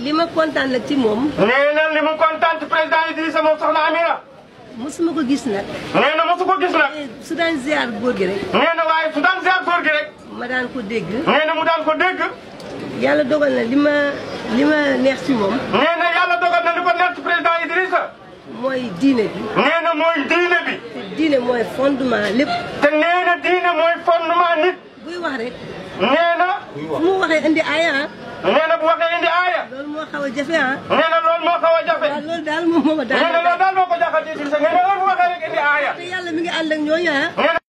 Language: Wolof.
li ma kontaan ci moom. nee na li mu kontaan ci président Idrissa moom soxna Amira. mosuma ko gis nag. nee na ko gis nag. Eh, su daan ziar góor gi na waaye su daan ziar góor ma daan ko dégg. nee na mu daan ko dégg. yàlla dogal na li ma li ma neex ci moom. nee na yàlla dogal na li ko neex ci président Idrissa. mooy diine bi. nee na mooy diine bi. te diine mooy fondement lépp. te nee na nit. buy wax rek. mu waxee indi aaya. nee xaw a jafe ah. nee na loolu moo xaw a jafe. waaw loolu daal moom moo ma daal. nee na loolu daal moo ko jaaxal ci sa nee na loolu bu waxee rek indi aaya. te yàlla mi ngi ànd ak ñooñu ah.